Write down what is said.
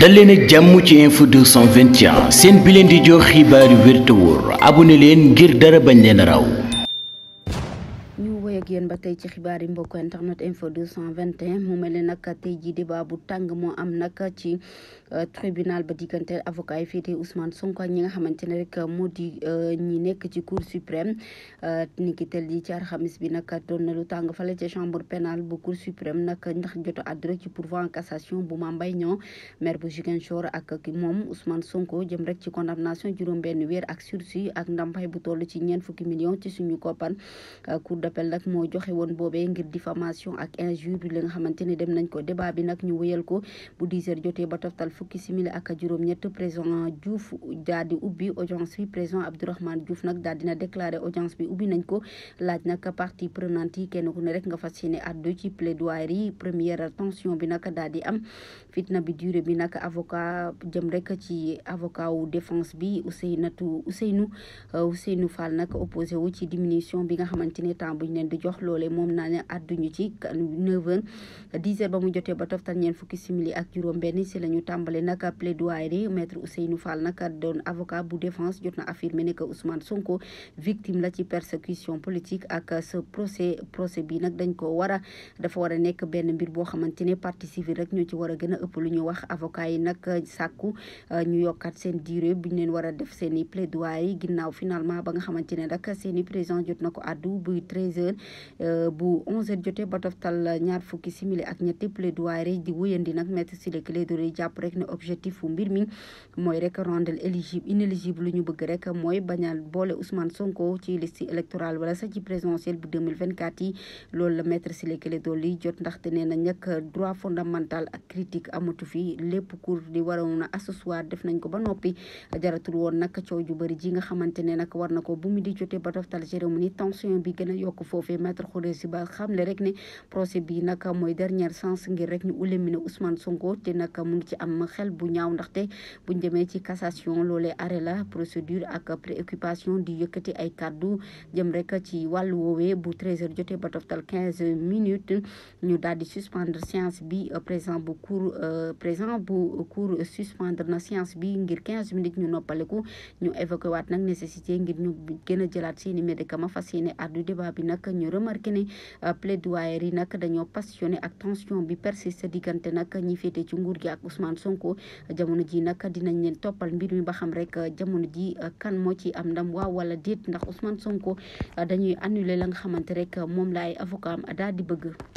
dal leen ak jàmm ci info 221 seen bi leen di jox xibaar yu abu te leen ngir dara bañ leen raw ak yéen ba tey ci xibaar yi mbokk internet info 221 mu bu tàng moo am nag ci euh, tribunal ba diggante avocat yi féetee Ousmane Sonko ñi nga xamante ne moo di euh, ñi nekk ci cour suprême euh, ni ki tel yi ci alxamis bi nag doon na lu tàng fale ci chambre pénale bu cour nag ndax joto a àddu ci pourvoi en cassation bu Mame Mbaye Niang maire bu Ziguinchor ak moom Ousmane Sonko jëm rek ci condamnation juróom-benn weer ak sursis ak ndàmpaay bu toll ci ñeent fukki millions ci suñu koppar cour d'appel nag moo joxe woon boobee ngir diffamation ak injure li nga xamante dem nañ ko débat bi nag ñu wéyal ko bu 10 heures jotee ba toftal fukki simili ak juróom-ñett président Diouf daal ubbi audience bi président Abdourahmane Diouf nag daal dina déclaré audience bi ubbi nañ ko laaj nag partie prenante yi kenn première tension bi nag daal di am fitna bi durée bi nag avocat jëm rek ci avocat wu défense bi Ousseynatou Ousseynou euh, Ousseynou Fall nag opposé wu diminution bi nga xamante ne temps jox loole moom naa ne àdduñu ci neuf heures dix heures ba mu jotee ba toftal ñeen fukki simili ak juróom benn si la ñu tàmbale nag plaidoirie maître Ousseynou Fall nag doon avocat bu défense jot na affirmé ne que Ousmane Sonko victime la ci persécution politique ak ce procès procès nag dañ ko war a dafa war a nekk benn mbir boo xamante ne partie civile rek ñoo ci war a gën a ëpp lu ñu wax avocat yi nag sàkku euh, ñu yokkat seen durée bu ñu leen war a def seen i plaidoirie ginnaaw finalement ba nga xamante ne nag seen i président jot na ko àddu buy treize heures Euh, bu 11h jotee ba ñaar fukki simili ak ñetti plaidoirie di wuyandi nag maître Ciré Clédor Ly jàpp rek ne objectif fu mbir mi mooy rek rendre inéligible lu ñu bëgg rek mooy bañal boole Ousmane Sonko ci liste électorale wala sax ci présidentielle bu 2024 yi loolu la maître Ciré Clédor Ly jot ndaxte nee na ñàkk droit ak critique amatu fi lépp cour di waroon a assessoir def nañ ko ba noppi jaratul woon nag coow ju bëri ji nga xamante ne bu mu di maître Khoureyssi Ba xamle rek ne procès bi nag mooy dernière chance ngir rek ñu éliminer Ousmane Sonko te nag mu ngi ci am xel bu ñaaw ndaxte buñ demee ci cassation loole arrêt la procédure ak préoccupation di yëkkati ay kaddu jam rek ci wàllu woowee bu 13h jotee ba toftal 15 minutes ñu daal di suspendre séance bi euh, présent bu cour euh, présent bu cour suspendre na séance bi ngir 15 minutes ñu noppaleku ñu évoqué waat nag nécessité ngir ñu gën a jëlaat seeni médicament fas remarqué ne euh, plaidoyer yi nag dañoo passionné ak tension bi persiste diggante nag ñi féete ci nguur gi ak Ousmane Sonko jamono ji nag dinañ leen toppal mbir mi ba xam rek euh, jamono ji euh, kan moo ci am ndam waaw wala déet ndax Ousmane Sonko dañuy annuler la nga xamante rek moom la ay avocat am daal di bëgg.